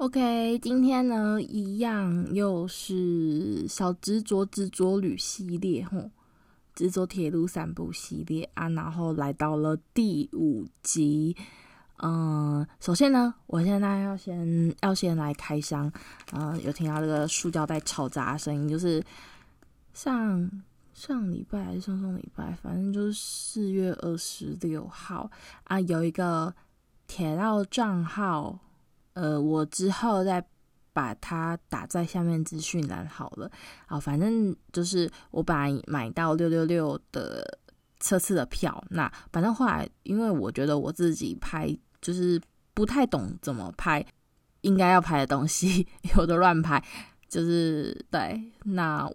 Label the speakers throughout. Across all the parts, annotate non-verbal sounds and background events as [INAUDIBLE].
Speaker 1: OK，今天呢，一樣又是小執着執着旅系列，吼，執着鐵路散步系列啊，然後來到了第五集。嗯，首先呢，我現在要先要先來開箱。嗯，有聽到這個塑膠袋嘈雜的聲音，就是上上禮拜還是上上禮拜，反正就是四月二十六號啊，有一個鐵道賬號。呃，我之後再把它打在下面資訊欄好了。好，反正就是我本來買到六六六的車次的票。那反正後來，因為我覺得我自己拍就是不太懂怎麼拍，應該要拍的東西 [LAUGHS] 有的亂拍，就是對。那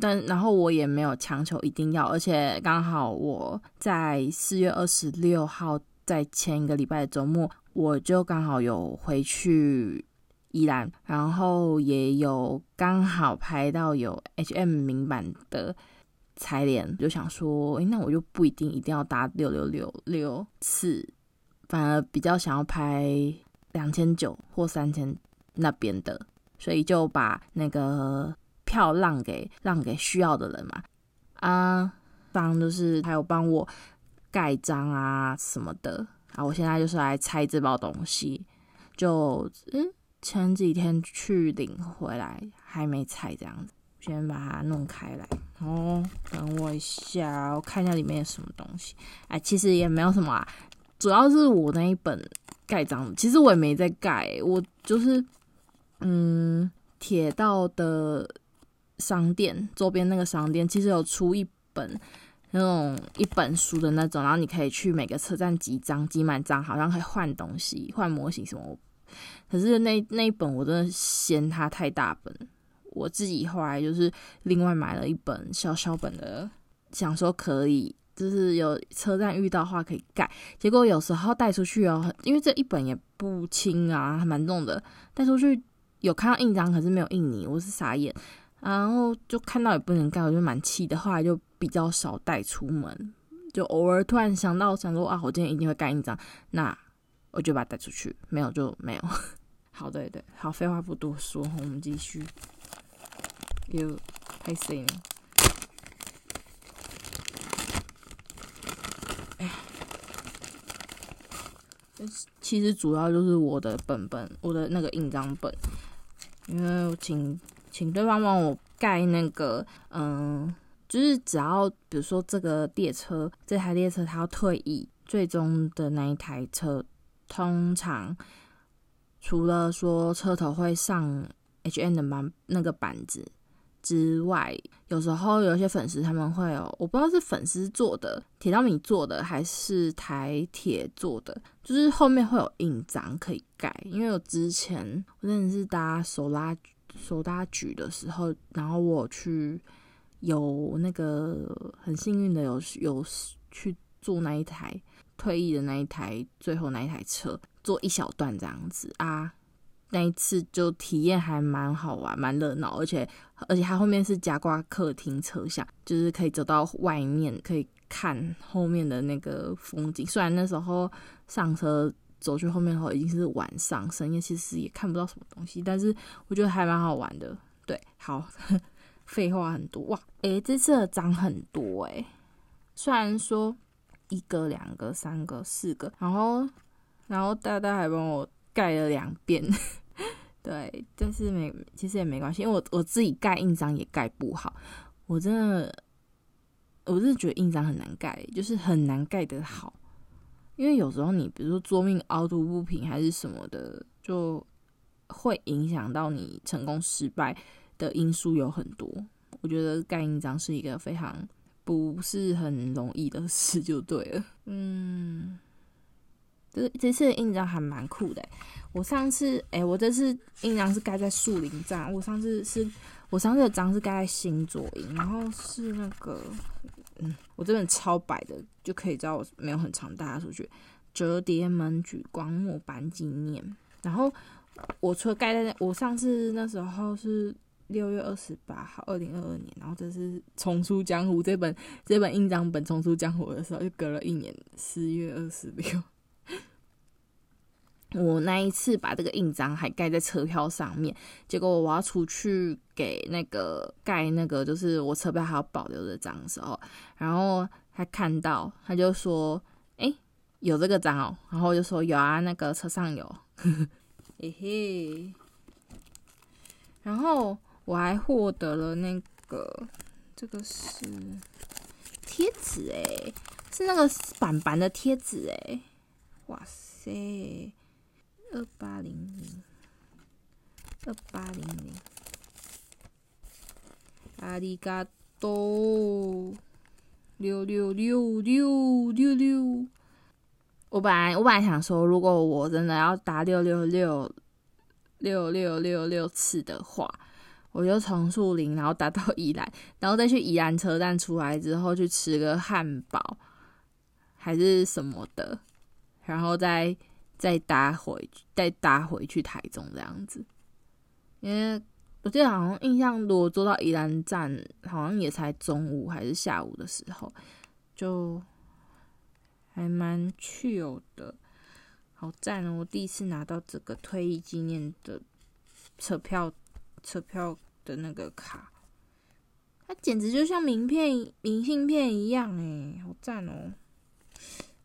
Speaker 1: 但然後我也沒有強求一定要，而且剛好我在四月二十六號在前一個禮拜的周末。我就剛好有回去宜蘭，然後也有剛好拍到有 H M 名版的柴聯，就想說，哎、欸，那我就不一定一定要搭六六六六次，反而比較想要拍兩千九或三千那邊的，所以就把那個票讓給讓給需要的人嘛。啊，當然就是還有幫我蓋章啊什麼的。啊，我現在就是來拆這包東西，就嗯，前幾天去領回來，還沒拆這樣子，先把它弄開來。哦，等我一下，我看一下裡面有什麼東西。哎、欸，其實也沒有什麼，主要是我那一本蓋章，其實我也沒在蓋，欸，我就是嗯，鐵道的商店周邊那個商店其實有出一本。那種一本書的那種，然後你可以去每個車站集章，集滿章好像可以換東西，換模型什麼。可是那那一本我真的嫌它太大本，我自己後來就是另外買了一本小小本的，想說可以就是有車站遇到的話可以蓋。結果有時候帶出去哦，因為這一本也不輕啊，還蠻重的。帶出去有看到印章，可是沒有印泥，我是傻眼。然後就看到也不能蓋，我就蠻氣的。後來就。比較少帶出門，就偶爾突然想到，想說啊，我今天一定會蓋印章，那我就把它帶出去，沒有就沒有。好的，對、對，好，廢話不多說，我們繼續。有開心。哎，其實主要就是我的本本，我的那個印章本，因為請請對方幫我蓋那個，嗯。就是只要比如說這個列車，這台列車它要退役，最終的那一台車，通常除了說車頭會上 HN 的板那個板子之外，有時候有些粉絲他們會有，我不知道是粉絲做的、鐵道迷做的還是台鐵做的，就是後面會有印章可以蓋。因為我之前我認識搭手拉手拉舉的時候，然後我去。有那個很幸運的有有去坐那一台退役的那一台最後那一台車，坐一小段這樣子啊，那一次就體驗還蠻好玩，蠻熱鬧，而且而且它後面是加掛客廳車廂，就是可以走到外面，可以看後面的那個風景。雖然那時候上車走去後面的話已經是晚上深夜，其實也看不到什麼東西，但是我覺得還蠻好玩的。對，好。 [LAUGHS] 廢話很多哇！誒、欸，這次的章很多誒、欸，雖然說一個、兩個、三個、四個，然後然後大大還幫我蓋了兩遍，對，但是沒其實也沒關係，因為我我自己蓋印章也蓋不好。我真的，我真的覺得印章很難蓋、欸，就是很難蓋得好。因為有時候你比如說桌面凹凸不平還是什麼的，就會影響到你成功失敗。的因素有很多，我覺得蓋印章是一個非常不是很容易的事，就對了。嗯，這這次的印章還蠻酷的、欸。我上次誒、欸，我這次印章是蓋在樹林站，我上次是我上次的章是蓋在新左營，然後是那個嗯，我這本超白的就可以知道我沒有很常帶出去。折疊門莒光末班紀念，然後我除了蓋在那，我上次那時候是。六月二十八號，二零二二年，然後這是《重出江湖》這本這本印章本，《重出江湖》的時候，就隔了一年了，十月二十六。 [LAUGHS] 我那一次把這個印章還蓋在車票上面，結果我要出去給那個蓋那個，就是我車票還要保留的章的時候，然後他看到，他就說：“哎、欸，有這個章哦。”然後就說：“有啊，那個車上有。 [LAUGHS] ”嘿、欸、嘿，然後。我還獲得了那個，這個是貼紙哎，是那個板板的貼紙哎，哇塞，二八零零，二八零零，阿里嘎多，六六六六六六，我本來我本來想說，如果我真的要打六六六六六六六次的話。我就從樹林，然後搭到宜蘭，然後再去宜蘭車站出來之後，去吃個漢堡還是什麼的，然後再再搭回再搭回去台中這樣子。因為我記得好像印象，多，坐到宜蘭站，好像也才中午還是下午的時候，就還蠻去有的。好讚哦，我第一次拿到這個退役紀念的車票。車票的那個卡，它簡直就像名片、明信片一樣哎、欸，好讚哦、喔！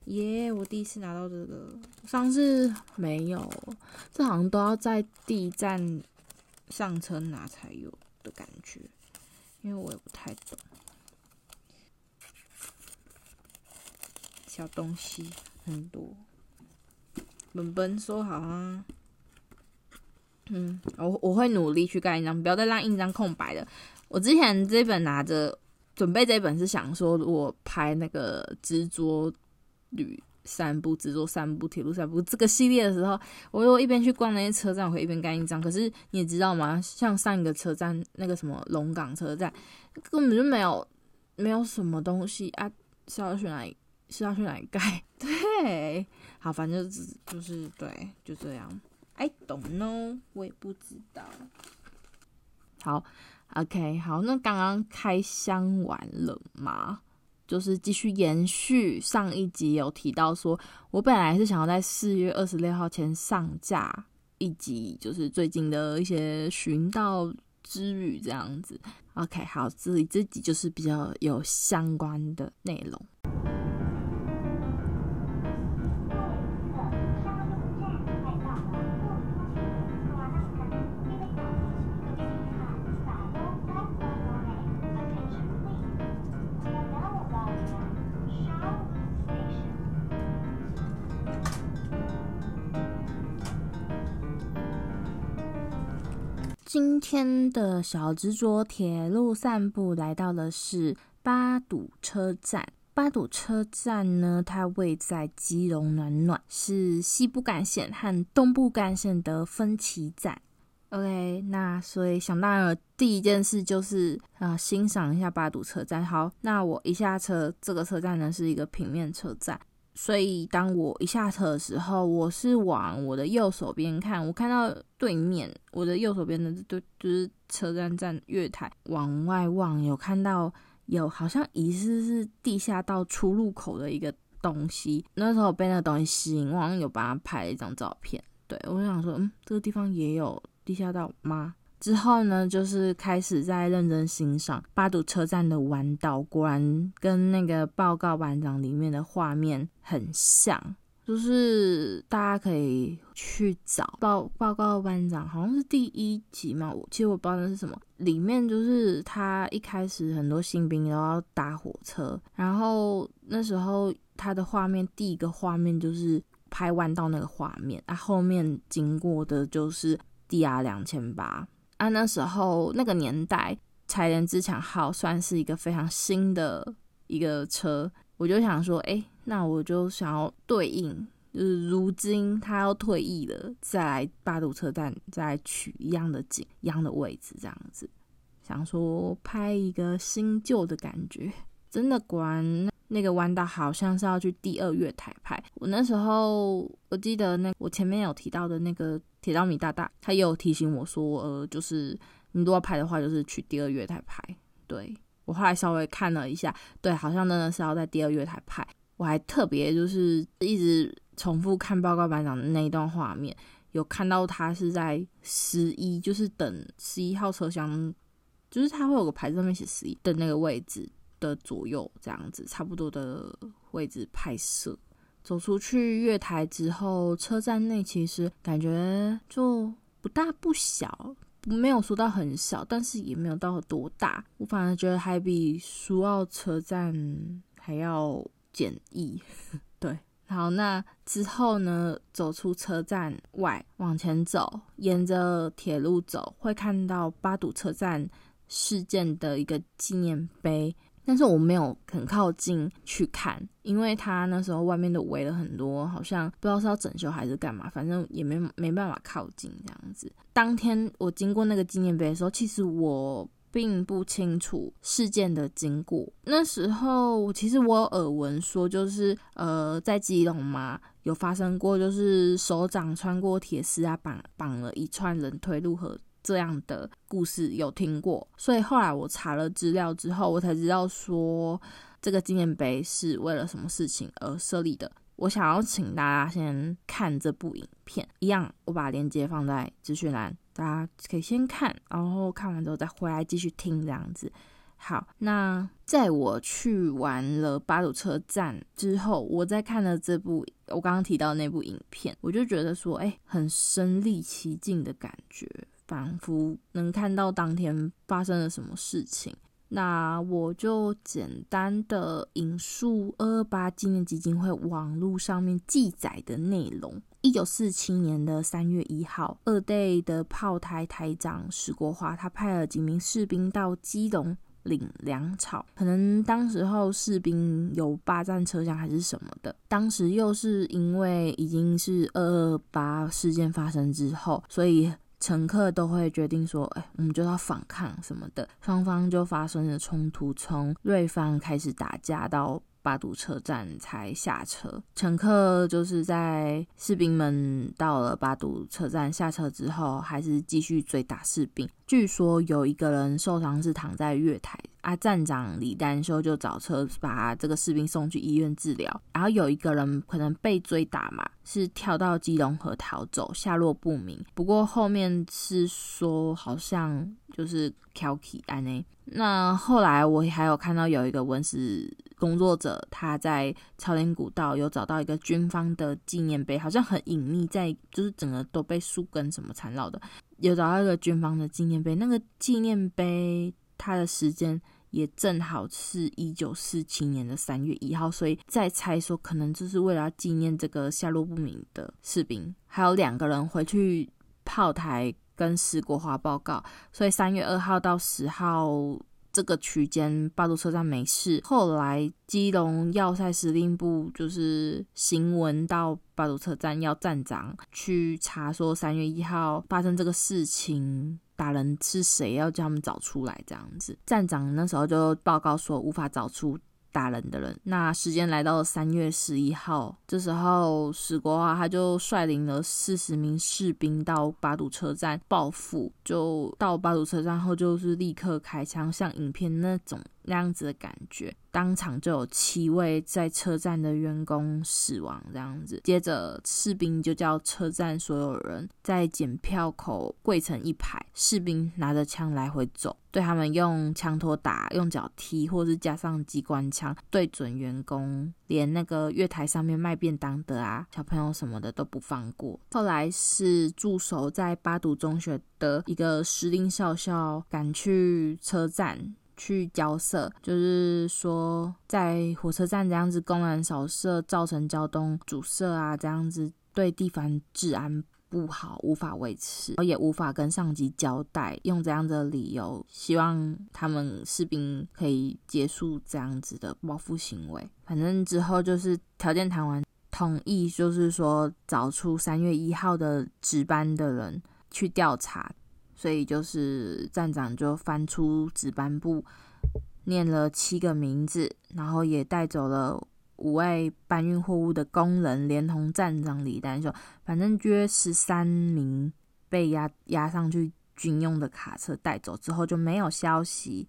Speaker 1: 耶、yeah,，我第一次拿到這個，上次沒有，這好像都要在地站上車拿才有的感覺，因為我也不太懂。小東西很多，本本說好啊！嗯，我我會努力去蓋印章，不要再讓印章空白了。我之前這本拿着準備這本是想說，我拍那個執着旅散步、執着散步、鐵路散步這個系列的時候，我又一邊去逛那些車站，我可以一邊蓋印章。可是你也知道嗎？像上一個車站那個什麼龍港車站，根本就沒有沒有什麼東西啊，是要去哪是要去哪裡蓋？對，好，反正就是、就是、對，就這樣。懂呢，我也不知道。好，OK，好，那剛剛開箱完了嘛，就是繼續延續上一集有提到，說我本來是想要在四月二十六號前上架一集，就是最近的一些尋道之旅這樣子。OK，好，這裡這集就是比較有相關的內容。今天的小執着鐵路散步，來到的是八堵車站。八堵車站呢，它位在基隆暖暖，是西部幹線和東部幹線的分歧站。OK，那所以想當然爾第一件事就是啊、呃，欣賞一下八堵車站。好，那我一下車，這個車站呢，是一個平面車站。所以當我一下車的時候，我是往我的右手邊看，我看到對面我的右手邊的對，就，就是車站站月台往外望，有看到有好像疑似是，是地下道出入口的一個東西。那時候我被那東西吸引，我好像有幫他拍了一張照片。對，我想說，嗯，這個地方也有地下道嗎？之後呢，就是開始在認真欣賞八堵車站的彎道，果然跟那個報告班長裡面的畫面很像，就是大家可以去找報報告班長，好像是第一集嘛。我其實我不知道那是什麼，裡面就是他一開始很多新兵都要搭火車，然後那時候他的畫面，第一個畫面就是拍彎道那個畫面，啊，後面經過的就是 DR 兩千八。啊，那時候那個年代，柴聯自強號算是一個非常新的一個車，我就想說，哎、欸，那我就想要對應，就是如今他要退役了，再來八堵車站再取一樣的景、一樣的位置，這樣子，想說拍一個新舊的感覺。真的，管那個彎道好像是要去第二月台拍。我那時候我記得那個、我前面有提到的那個。鐵道迷大大他也有提醒我說，呃，就是你如果要拍的話，就是去第二月台拍。對，我後來稍微看了一下，對，好像真的是要在第二月台拍。我還特別就是一直重複看報告班長的那一段畫面，有看到他是在十一，就是等十一號車廂，就是他會有個牌子上面寫十一的那個位置的左右這樣子，差不多的位置拍攝。走出去月台之後，車站內其實感覺就不大不小，沒有說到很小，但是也沒有到有多大。我反而覺得還比蘇澳車站還要簡易。 [LAUGHS] 對，好，那之後呢，走出車站外，往前走，沿着鐵路走，會看到八堵車站事件的一個紀念碑。但是我沒有很靠近去看，因為他那時候外面都圍了很多，好像不知道是要整修還是幹嘛，反正也沒沒辦法靠近這樣子。當天我經過那個紀念碑的時候，其實我並不清楚事件的經過。那時候其實我有耳聞說，就是呃，在基隆嘛，有發生過，就是手掌穿過鐵絲啊，綁綁了一串人推入河。這樣的故事有聽過，所以後來我查了資料之後，我才知道說這個紀念碑是為了什麼事情而設立的。我想要請大家先看這部影片，一樣我把鏈接放在資訊欄，大家可以先看，然後看完之後再回來繼續聽這樣子。好，那在我去完了八堵車站之後，我在看了這部我剛剛提到的那部影片，我就覺得說，哎、欸，很身臨其境的感覺。仿佛能看到當天發生了什麼事情。那我就簡單的引述二二八紀念基金會網路上面記載的內容：一九四七年的三月一號，二隊的炮台台長石國華，他派了幾名士兵到基隆領糧草。可能當時候士兵有霸占車廂還是什麼的。當時又是因為已經是二二八事件發生之後，所以。乘客都會決定說：“哎，我們就要反抗什麼的。”雙方就發生了衝突，從瑞芳開始打架到八堵車站才下車，乘客就是在士兵們到了八堵車站下車之後，還是繼續追打士兵。據說有一個人受傷是躺在月台，啊，站長李丹修就找車把這個士兵送去醫院治療。然後有一個人可能被追打嘛，是跳到基隆河逃走，下落不明。不過後面是說好像就是跳起案誒。那後來我還有看到有一個文史工作者他在草嶺古道有找到一個軍方的紀念碑，好像很隱秘，在就是整個都被樹根什麼纏繞的，有找到一個軍方的紀念碑。那個紀念碑它的時間也正好是一九四七年的三月一號，所以再猜說可能就是為了紀念這個下落不明的士兵，還有兩個人回去炮台跟石國華報告，所以三月二號到十號。這個區間八堵車站沒事，後來基隆要塞司令部就是行文到八堵車站要站長去查，說三月一號發生這個事情，打人是誰，要叫他們找出來這樣子。站長那時候就報告說無法找出。打人的人，那時間來到了三月十一號，這時候史國華他就率領了四十名士兵到八堵車站報復，就到八堵車站後就是立刻開槍，像影片那種。那樣子的感覺，當場就有七位在車站的員工死亡。這樣子，接着士兵就叫車站所有人在檢票口跪成一排，士兵拿着槍來回走，對他們用槍托打，用腳踢，或是加上機關槍對準員工，連那個月台上面賣便當的啊、小朋友什麼的都不放過。後來是駐守在八堵中學的一個司令少校趕去車站。去交涉，就是說在火車站這樣子公然掃射，造成交通阻塞啊，這樣子對地方治安不好，無法維持，我也無法跟上級交代。用這樣子的理由，希望他們士兵可以結束這樣子的報復行為。反正之後就是條件談完，同意就是說找出三月一號的值班的人去調查。所以就是站長就翻出值班簿，念了七個名字，然後也帶走了五位搬運貨物的工人，連同站長李丹雄，說反正約十三名被押押上去軍用的卡車帶走之後就沒有消息。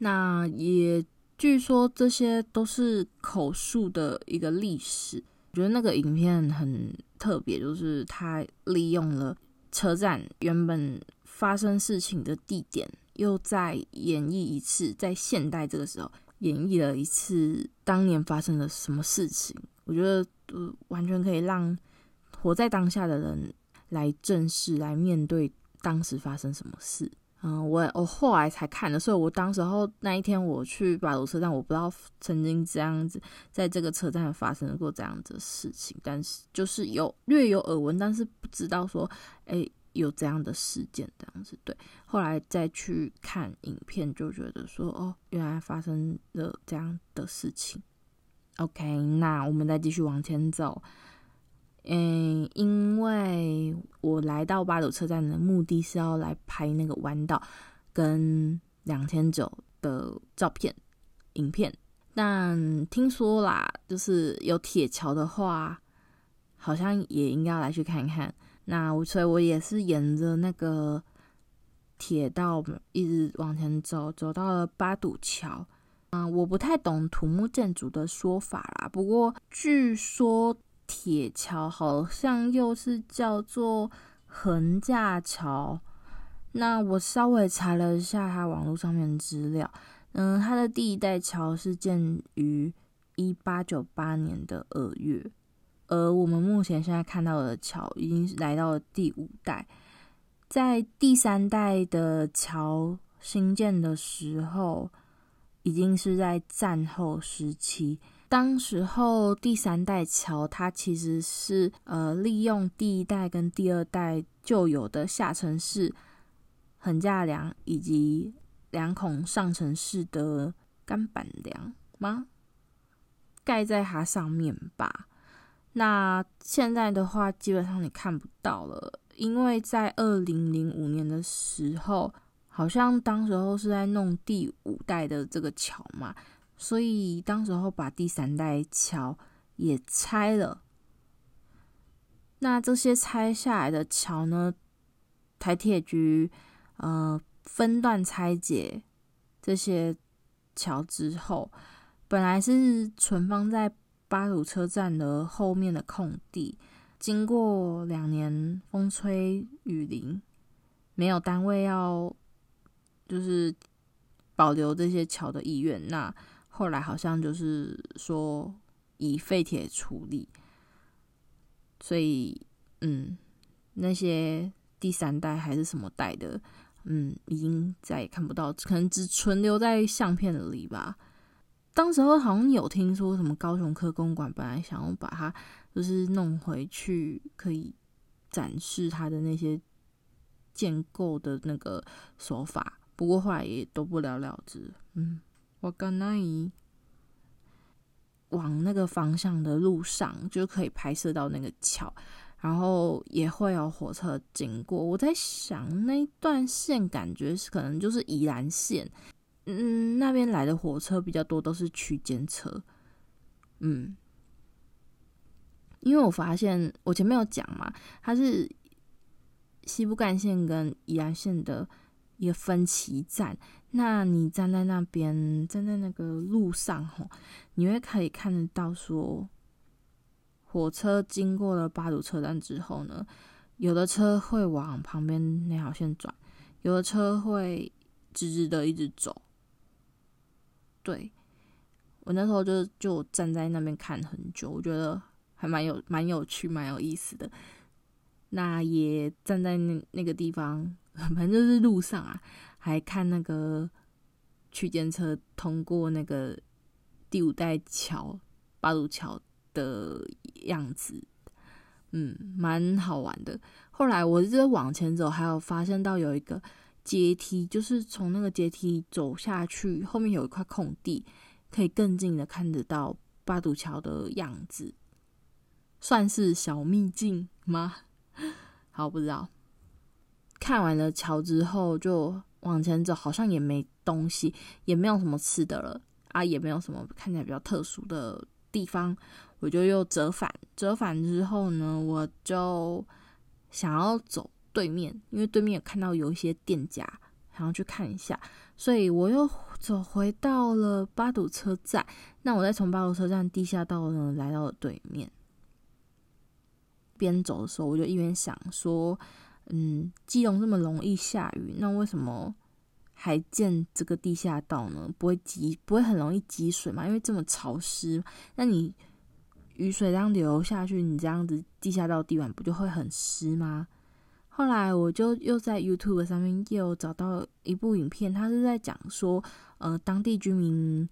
Speaker 1: 那也據說這些都是口述的一個歷史。我覺得那個影片很特別，就是他利用了車站原本。發生事情的地點又再演繹一次，在現代這個時候演繹了一次當年發生的什麼事情，我覺得、呃、完全可以讓活在當下的人來正視、來面對當時發生什麼事。嗯，我我、哦、後來才看的，所以我當時候那一天我去八堵車站，我不知道曾經這樣子在這個車站發生過這樣子的事情，但是就是有略有耳聞，但是不知道說誒。有這樣的事件這樣子對，後來再去看影片就覺得說，哦，原來發生了這樣的事情。OK，那我們再繼續往前走。嗯、欸，因為我來到八堵車站的目的是要來拍那個彎道跟兩千九的照片影片，但聽說啦，就是有鐵橋的話，好像也應該要來去看一看。那我所以，我也是沿着那個鐵道一直往前走，走到了八堵橋。嗯，我不太懂土木建築的說法啦，不過據說鐵橋好像又是叫做桁架橋。那我稍微查了一下它網絡上面的資料，嗯，它的第一代橋是建於一八九八年的二月。而我們目前現在看到的橋已經來到了第五代，在第三代的橋興建的時候，已經是在戰後時期。當時候第三代橋，它其實是呃利用第一代跟第二代舊有的下承式桁架梁以及兩孔上承式的鋼板梁嗎？蓋在它上面吧。那現在的話，基本上你看不到了，因為在二零零五年的時候，好像當時候是在弄第五代的這個橋嘛，所以當時候把第三代橋也拆了。那這些拆下來的橋呢，台鐵局呃分段拆解這些橋之後，本來是存放在。八堵車站的後面的空地，經過兩年風吹雨淋，沒有單位要就是保留這些橋的意願。那後來好像就是說以廢鐵處理，所以嗯，那些第三代還是什麼代的，嗯，已經再也看不到，可能只存留在相片裡吧。當時好像有聽說什麼高雄科公館，本來想要把它就是弄回去，可以展示它的那些建構的那個手法，不過後來也都不了了之。嗯，我跟阿姨往那個方向的路上就可以拍攝到那個橋，然後也會有火車經過。我在想那段線感覺是可能就是宜蘭線。嗯，那邊來的火車比較多，都是區間車。嗯，因為我發現，我前面有講嘛，它是西部幹線跟宜蘭線的一個分歧站。那你站在那邊，站在那個路上吼，你會可以看得到說，說火車經過了八堵車站之後呢，有的車會往旁邊那條線轉，有的車會直直的一直走。對，我那時候就就站在那邊看很久，我覺得還蠻有蠻有趣，蠻有意思的。那也站在那那個地方，反正就是路上啊，還看那個區間車通過那個第五代橋八堵橋的樣子，嗯，蠻好玩的。後來我就往前走，還有發現到有一個。階梯就是從那個階梯走下去，後面有一塊空地，可以更近的看得到八堵橋的樣子，算是小秘境嗎？好，不知道。看完了橋之後，就往前走，好像也沒東西，也沒有什麼吃的了啊，也沒有什麼看起來比較特殊的地方，我就又折返。折返之後呢，我就想要走。對面，因為對面有看到有一些店家，想要去看一下，所以我又走回到了八堵車站。那我再從八堵車站地下道呢，來到了對面。邊走的時候，我就一邊想說：“嗯，基隆這麼容易下雨，那為什麼還建這個地下道呢？不會積，不會很容易積水嘛，因為這麼潮濕，那你雨水這樣流下去，你這樣子地下道地板不就會很濕嗎？”後來我就又在 YouTube 上面又找到一部影片，他是在講說，呃，當地居民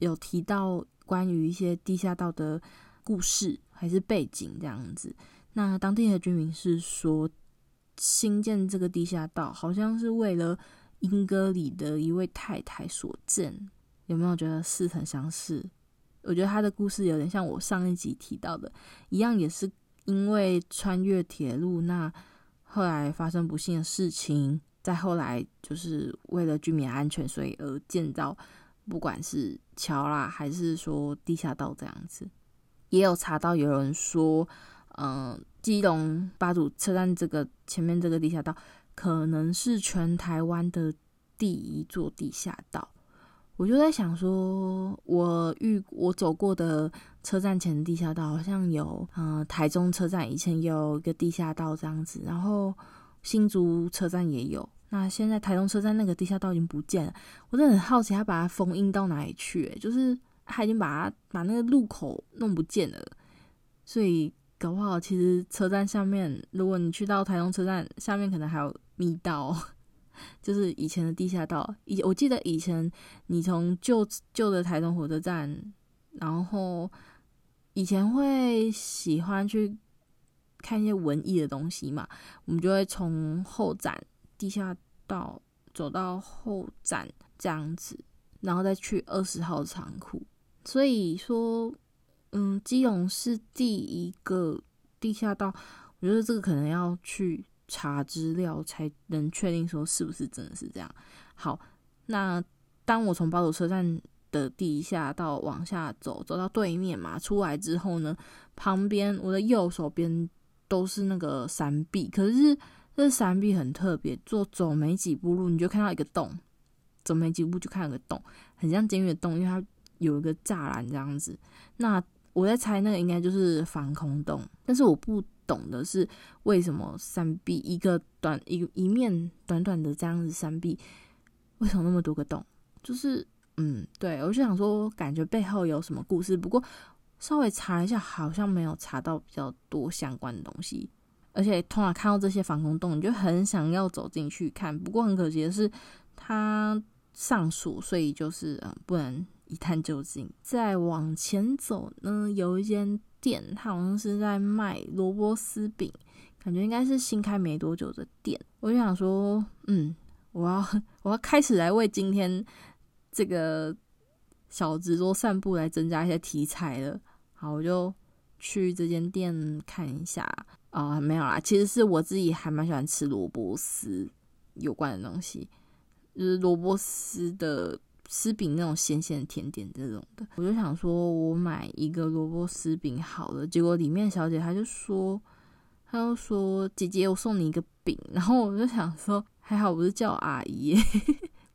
Speaker 1: 有提到關於一些地下道的故事，還是背景這樣子。那當地的居民是說，新建這個地下道好像是為了英戈里的一位太太所建。有沒有覺得似曾相識？我覺得他的故事有點像我上一集提到的一樣，也是因為穿越鐵路那，後來發生不幸的事情，再後來就是為了居民安全，所以而建造，不管是橋啦，還是說地下道這樣子，也有查到有人說，嗯、呃，基隆八堵車站這個前面這個地下道，可能是全台灣的第一座地下道。我就在想說，我遇我走過的車站前的地下道好像有，嗯，台中車站以前也有一個地下道這樣子，然後新竹車站也有。那現在台中車站那個地下道已經不見了，我真的很好奇他把它封印到哪裡去，欸，就是他已經把它把那個路口弄不見了。所以搞不好其實車站下面，如果你去到台中車站下面，可能還有密道。就是以前的地下道，以我記得以前你從舊舊的台中火車站，然後以前會喜歡去看一些文藝的東西嘛，我們就會從後展地下道走到後展這樣子，然後再去二十號倉庫。所以說，嗯，基隆是第一個地下道，我覺得這個可能要去查資料才能確定說是不是真的是這樣。好，那當我從八堵車站的地下道往下走，走到對面嘛，出來之後呢，旁邊我的右手邊都是那個山壁，可是這山壁很特別，坐走沒幾步路你就看到一個洞，走沒幾步就看到一個洞，很像監獄的洞，因為它有一個柵欄這樣子。那我在猜，那個應該就是防空洞，但是我不。懂的是為什麼三壁，一個短一一面短短的這樣子三壁，為什麼那麼多個洞？就是嗯，對，我就想說感覺背後有什麼故事。不過稍微查一下，好像沒有查到比較多相關的東西。而且通常看到這些防空洞，你就很想要走進去看。不過很可惜的是，它上鎖，所以就是嗯，不能一探究竟。再往前走呢，有一間。店，他好像是在賣蘿蔔絲餅，感覺應該是新開沒多久的店。我就想說，嗯，我要我要開始來為今天這個小執著散步來增加一些題材了。好，我就去這間店看一下啊、呃，沒有啦，其實是我自己還蠻喜歡吃蘿蔔絲有關的東西，就是蘿蔔絲的。絲餅那種鹹鹹的甜點這種的，我就想說，我買一個蘿蔔絲餅好了。結果裡面小姐她就說，她就說：“姐姐，我送你一個餅。”然後我就想說，還好不是叫我阿姨，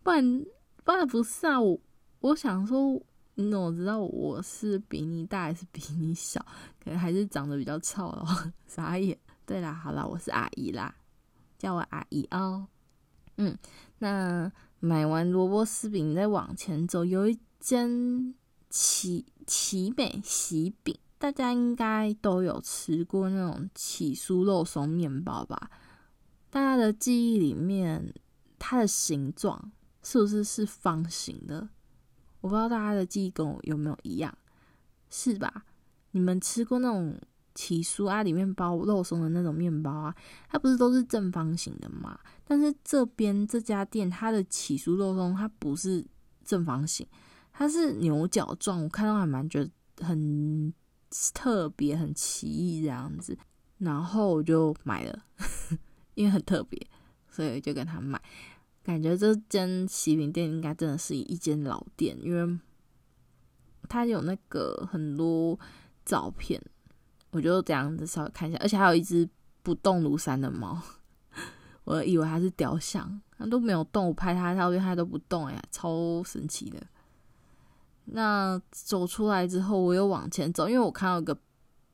Speaker 1: 不然不然不是啊。我我想說，那我知道我是比你大還是比你小，可能還是長得比較醜哦。傻眼對啦，好啦，我是阿姨啦，叫我阿姨哦。嗯，那。買完蘿蔔絲餅，再往前走有一間奇奇美囍餅，大家應該都有吃過那種起酥肉鬆麵包吧？大家的記憶裡面，它的形狀是不是是方形的？我不知道大家的記憶跟我有沒有一樣，是吧？你們吃過那種？起酥啊，裡面包肉鬆的那種麵包啊，它不是都是正方形的嗎？但是這邊這家店，它的起酥肉鬆它不是正方形，它是牛角狀。我看到還蠻覺得很特別、很奇異這樣子，然後我就買了呵呵，因為很特別，所以就跟他買。感覺這間喜餅店應該真的是一間老店，因為他有那個很多照片。我就這樣子稍微看一下，而且還有一隻不動如山的貓，我以為它是雕像，它都沒有動。我拍它照片，它都不動呀，超神奇的。那走出來之後，我又往前走，因為我看到一個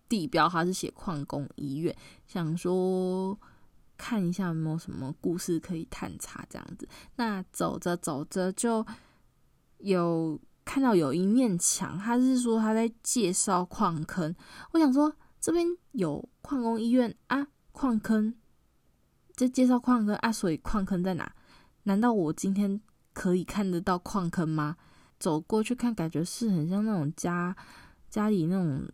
Speaker 1: 地標，它是寫礦工醫院，想說看一下有沒有什麼故事可以探查這樣子。那走着走着就有看到有一面牆，他是說他在介紹礦坑，我想說。這邊有礦工醫院啊，礦坑，就介紹礦坑啊，所以礦坑在哪？難道我今天可以看得到礦坑嗎？走過去看，感覺是很像那種家家裡那種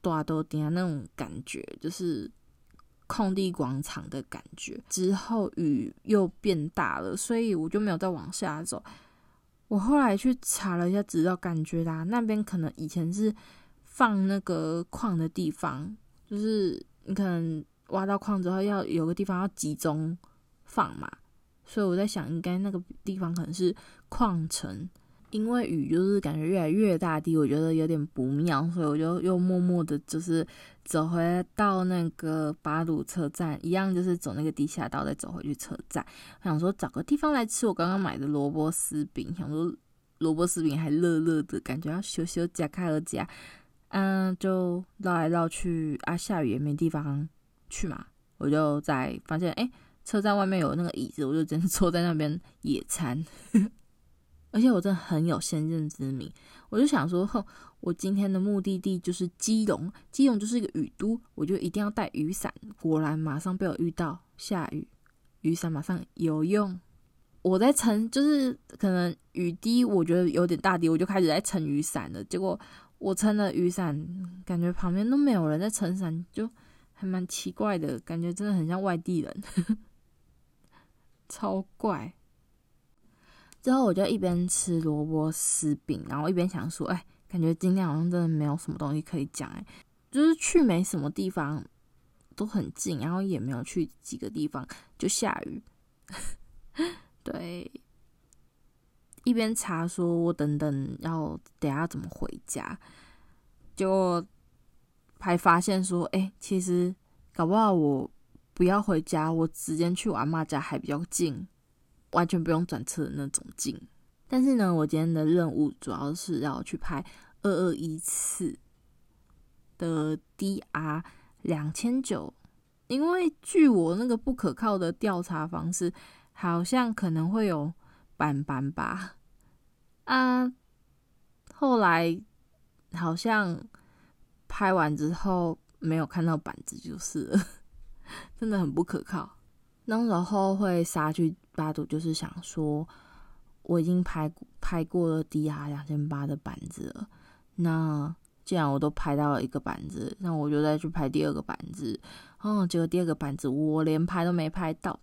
Speaker 1: 大多店那種感覺，就是空地廣場的感覺。之後雨又變大了，所以我就沒有再往下走。我後來去查了一下，知道感覺啊，那邊可能以前是。放那個礦的地方，就是你可能挖到礦之後，要有個地方要集中放嘛。所以我在想，應該那個地方可能是礦城，因為雨就是感覺越來越大滴，我覺得有點不妙，所以我就又默默的，就是走回來到那個八堵車站，一樣就是走那個地下道，再走回去車站，想說找個地方來吃我剛剛買的蘿蔔絲餅，想說蘿蔔絲餅還熱熱的，感覺要咻咻夾開而夾。嗯，就繞來繞去啊，下雨也沒地方去嘛，我就在發現，哎、欸，車站外面有那個椅子，我就真的坐在那邊野餐。 [LAUGHS] 而且我真的很有先見之明，我就想說哼，我今天的目的地就是基隆，基隆就是一個雨都，我就一定要帶雨傘。果然，馬上被我遇到下雨，雨傘馬上有用。我在撐，就是可能雨滴我覺得有點大滴，我就開始在撐雨傘了，結果。我撐了雨傘，感覺旁邊都沒有人在撐傘，就還蠻奇怪的，感覺真的很像外地人，呵呵，超怪。之後我就一邊吃蘿蔔絲餅，然後一邊想說，哎、欸，感覺今天好像真的沒有什麼東西可以講，哎，就是去沒什麼地方都很近，然後也沒有去幾個地方就下雨，呵呵，對。一邊查說，我等等要等下怎麼回家，就還發現說，哎、欸，其實搞不好我不要回家，我直接去我阿嬤家還比較近，完全不用轉車的那種近。但是呢，我今天的任務主要是要去拍2214次的 DR 兩千九，因為據我那個不可靠的調查方式，好像可能會有。板板吧，啊，後來好像拍完之後沒有看到板子，就是了，真的很不可靠。那時候會殺去八堵，就是想說我已經拍拍過了 DR2800 的板子了，那既然我都拍到了一個板子，那我就再去拍第二個板子。哦，結果第二個板子我連拍都沒拍到。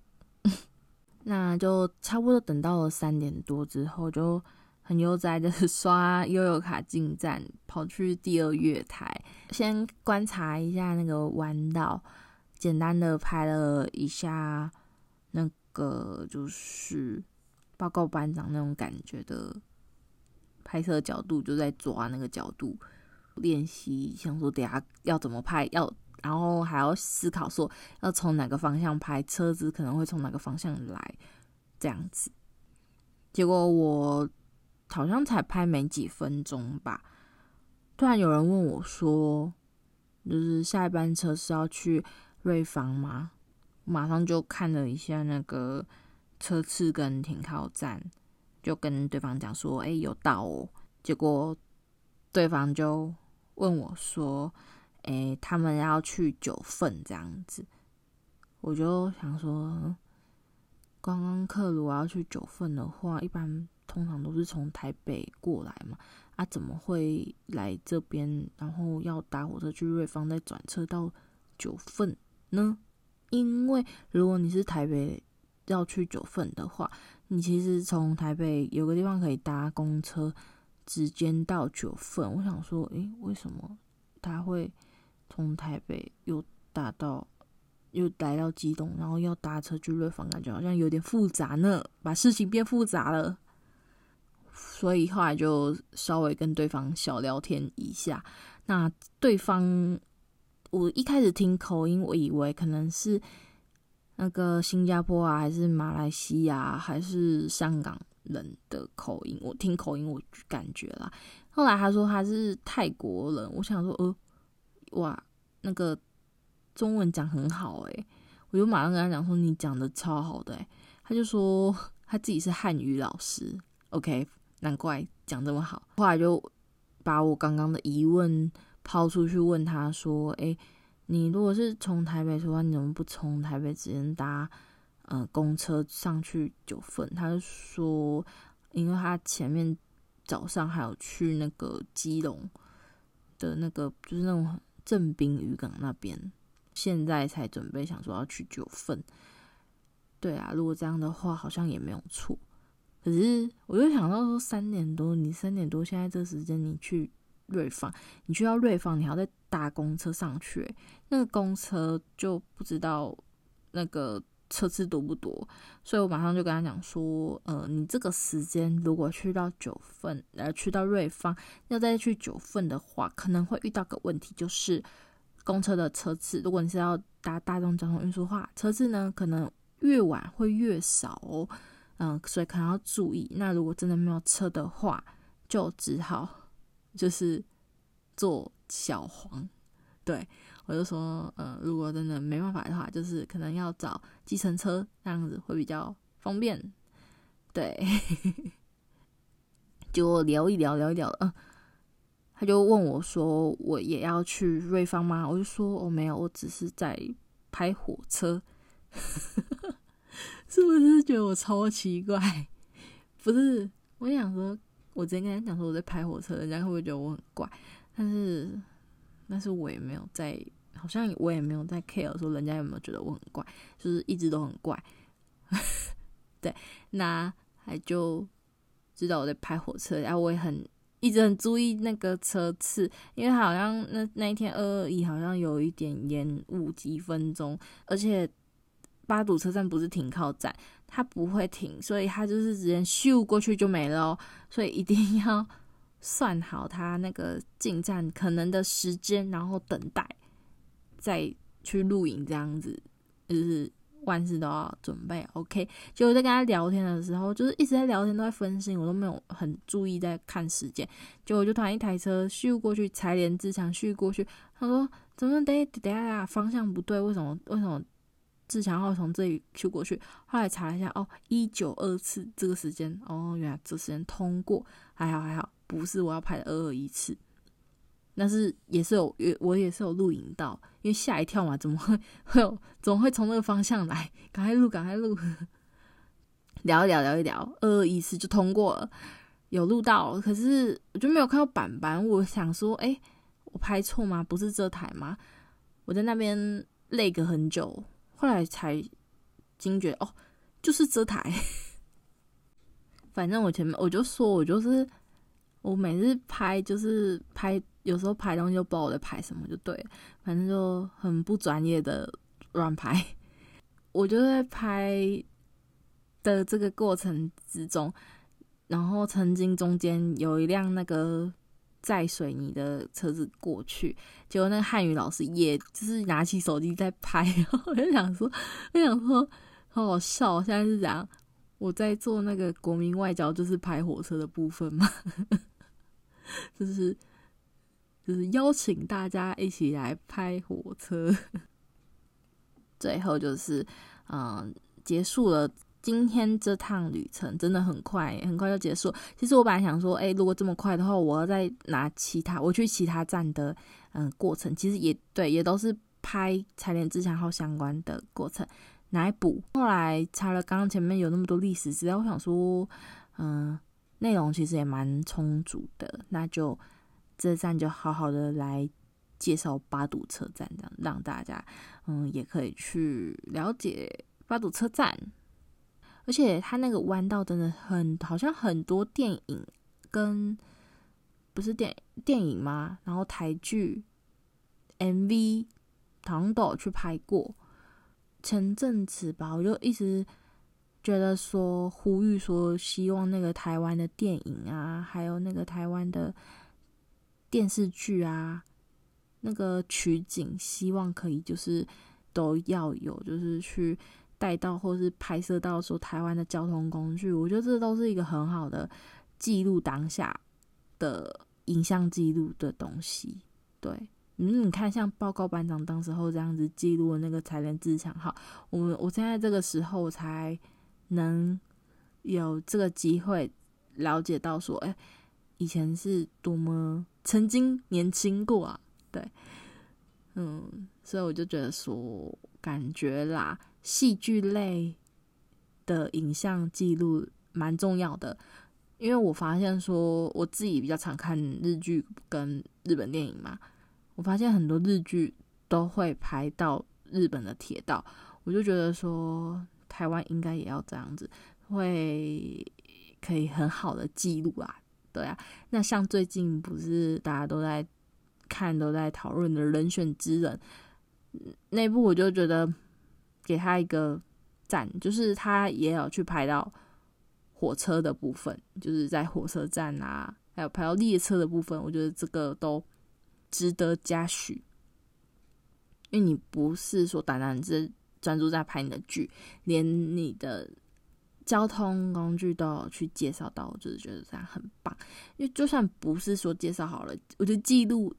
Speaker 1: 那就差不多等到了三點多之後，就很悠哉的刷悠遊卡進站，跑去第二月台，先觀察一下那個彎道，簡單的拍了一下那個就是報告班長那種感覺的拍攝角度，就在抓那個角度練習，想說等下要怎麼拍要。然後還要思考說要從哪個方向拍，車子可能會從哪個方向來，這樣子。結果我好像才拍沒幾分鐘吧，突然有人問我說：“就是下一班車是要去瑞芳嗎？”我馬上就看了一下那個車次跟停靠站，就跟對方講說：“哎、欸，有到哦。”結果對方就問我說。誒、欸，他們要去九份這樣子，我就想說，剛剛克魯要去九份的話，一般通常都是從台北過來嘛，啊，怎麼會來這邊，然後要搭火車去瑞芳，再轉車到九份呢？因為如果你是台北要去九份的話，你其實從台北有個地方可以搭公車直接到九份。我想說，誒、欸，為什麼他會？從台北又打到，又來到基隆，然後要搭車去瑞芳，感覺好像有點複雜呢，把事情變複雜了。所以後來就稍微跟對方小聊天一下。那對方，我一開始聽口音，我以為可能是那個新加坡啊，還是馬來西亞，還是香港人的口音。我聽口音，我感覺啦。後來他說他是泰國人，我想說，呃。哇，那個中文講很好哎、欸，我就馬上跟他講說，你講的超好的、欸、他就說他自己是漢語老師，OK，難怪講這麼好。後來就把我剛剛的疑問拋出去問他說，哎、欸，你如果是從台北出發，你怎麼不從台北直接搭嗯、呃、公車上去九份？他就說，因為他前面早上還有去那個基隆的那個，就是那種。正濱漁港那邊，現在才準備想說要去九份，對啊，如果這樣的話，好像也沒有錯。可是我就想到說，三點多，你三點多現在這個時間你去瑞芳，你去到瑞芳，你還要再搭公車上去，那個公車就不知道那個。車次多不多？所以我馬上就跟他講說，呃，你這個時間如果去到九份，呃，去到瑞芳，要再去九份的話，可能會遇到個問題，就是公車的車次，如果你是要搭大眾交通運輸的話，車次呢可能越晚會越少哦，嗯、呃，所以可能要注意。那如果真的沒有車的話，就只好就是坐小黃，對。我就說，呃，如果真的沒辦法的話，就是可能要找計程車，這樣子會比較方便。對， [LAUGHS] 就聊一聊，聊一聊，嗯，他就問我說：“我也要去瑞芳嗎？”我就說：“我、哦、沒有，我只是在拍火車。 [LAUGHS] ”是不是覺得我超奇怪？不是，我想說，我之前跟他講說我在拍火車，人家會不會覺得我很怪，但是，但是我也沒有在。好像也我也沒有在 care 說人家有沒有覺得我很怪，就是一直都很怪。 [LAUGHS] 對，那還就知道我在拍火車，然、啊、後我也很一直很注意那個車次，因為好像那那一天二二一好像有一點延誤幾分鐘，而且八堵車站不是停靠站，它不會停，所以它就是直接咻過去就沒了、哦，所以一定要算好它那個進站可能的時間，然後等待。再去露營這樣子，就是萬事都要準備。OK，就我在跟他聊天的時候，就是一直在聊天都在分心，我都沒有很注意在看時間。結果我就突然一台車咻過去，柴聯自強咻過去。他說：“怎麼得？等等下方向不對，為什麼？為什麼自強要從這裡咻過去？”後來查了一下，哦，一九二次這個時間，哦，原來這時間通過，還好還好，不是我要拍的二二一次。但是也是有，有，我也是有錄影到，因為嚇一跳嘛，怎麼會，會，怎麼會從那個方向來？趕快錄，趕快錄，聊一聊，聊一聊，呃，一次就通過了，有錄到，可是我就沒有看到板板，我想說，哎、欸，我拍錯嗎？不是這台嗎？我在那邊 lag 很久，後來才驚覺，哦，就是這台。 [LAUGHS] 反正我前面我就說，我就是我每次拍就是拍。有時候拍東西就不知道我在拍什麼，就對，反正就很不專業的亂拍。我就在拍的這個過程之中，然後曾經中間有一輛那個載水泥的車子過去，結果那個漢語老師也就是拿起手機在拍，然後我就想說，我想說好好笑，現在是怎樣？我在做那個國民外交，就是拍火車的部分嘛，就是。就是邀請大家一起來拍火車。 [LAUGHS] 最後就是，嗯，結束了今天這趟旅程，真的很快，很快就結束。其實我本來想說，哎、欸，如果這麼快的話，我要再拿其他，我去其他站的，嗯，過程其實也對，也都是拍柴聯自強號相關的過程來補。後來查了，剛剛前面有那麼多歷史資料，我想說，嗯，內容其實也蠻充足的，那就。這站就好好的來介紹八堵車站，這樣讓大家嗯也可以去了解八堵車站，而且它那個彎道真的很，好像很多電影跟不是電電影嗎？然後台劇、MV、唐島去拍過，前陣子吧，我就一直覺得說呼籲說希望那個台灣的電影啊，還有那個台灣的。電視劇啊，那個取景，希望可以就是都要有，就是去帶到或是拍攝到說台灣的交通工具，我覺得這都是一個很好的記錄當下的影像記錄的東西。對，嗯，你看像報告班長當時候這樣子記錄的那個“柴聯自強號”，我我現在這個時候才能有這個機會了解到說，哎，以前是多麼。曾經年輕過啊，對，嗯，所以我就覺得說，感覺啦，戲劇類的影像記錄蠻重要的，因為我發現說，我自己比較常看日劇跟日本電影嘛，我發現很多日劇都會拍到日本的鐵道，我就覺得說，台灣應該也要這樣子，會可以很好的記錄啊。對呀、啊，那像最近不是大家都在看，都在討論的《人選之人》那一部，我就覺得給他一個讚，就是他也有去拍到火車的部分，就是在火車站啊，還有拍到列車的部分，我覺得這個都值得嘉許，因為你不是說單單只專注在拍你的劇，連你的交通工具都有去介紹到，我就是覺得這樣很棒。因為就算不是說介紹好了，我就記錄。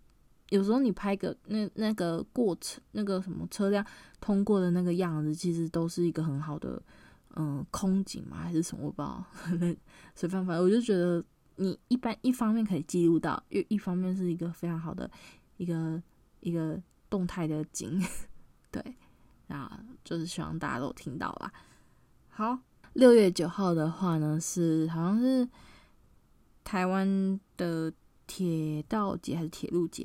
Speaker 1: 有時候你拍個那那個過程，那個什麼車輛通過的那個樣子，其實都是一個很好的，嗯、呃，空景嘛，還是什麼，我不知道。那隨便，反正我就覺得你一般一方面可以記錄到，又一方面是一個非常好的一個一個動態的景。對，然後就是希望大家都聽到啦，好。六月九號的話呢，是好像是台灣的鐵道節還是鐵路節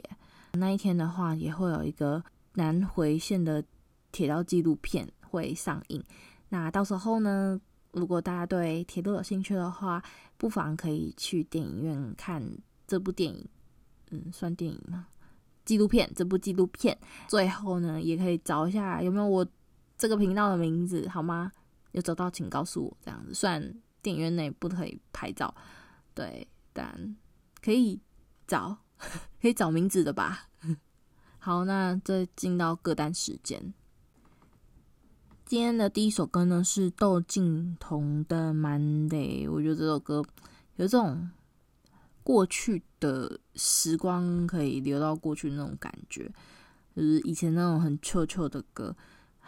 Speaker 1: 那一天的話，也會有一個南回線的鐵道紀錄片會上映。那到時候呢，如果大家對鐵路有興趣的話，不妨可以去電影院看這部電影。嗯，算電影嗎？紀錄片，這部紀錄片最後呢，也可以找一下有沒有我這個頻道的名字，好嗎？有找到，請告訴我，這樣子，雖然電影院內不可以拍照，對，但可以找，可以找名字的吧。好，那再進到歌單時間。今天的第一首歌呢，是竇靖童的《Monday》，我覺得這首歌有這種過去的時光可以流到過去的那種感覺，就是以前那種很舊舊的歌。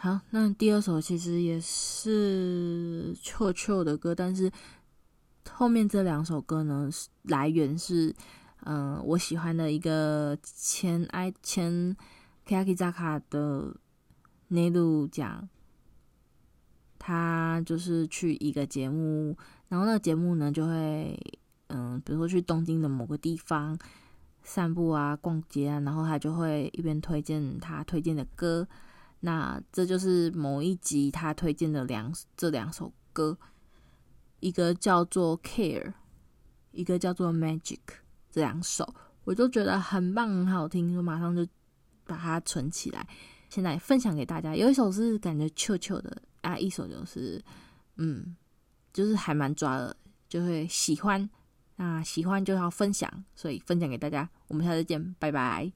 Speaker 1: 好，那第二首其實也是啾啾的歌，但是後面這兩首歌呢，來源是嗯、呃，我喜歡的一個前埃前 Keyakizaka 的 Neru 醬，他就是去一個節目，然後那個節目呢就會嗯、呃，比如說去東京的某個地方散步啊、逛街啊，然後他就會一邊推薦他推薦的歌。那這就是某一集他推薦的兩這兩首歌，一個叫做《Care》，一個叫做《Magic》。這兩首我就覺得很棒，很好聽，就馬上就把它存起來。現在分享給大家。有一首是感覺臭臭的啊，一首就是嗯，就是還蠻抓的，就會喜歡。那喜歡就要分享，所以分享給大家。我們下次見，拜拜。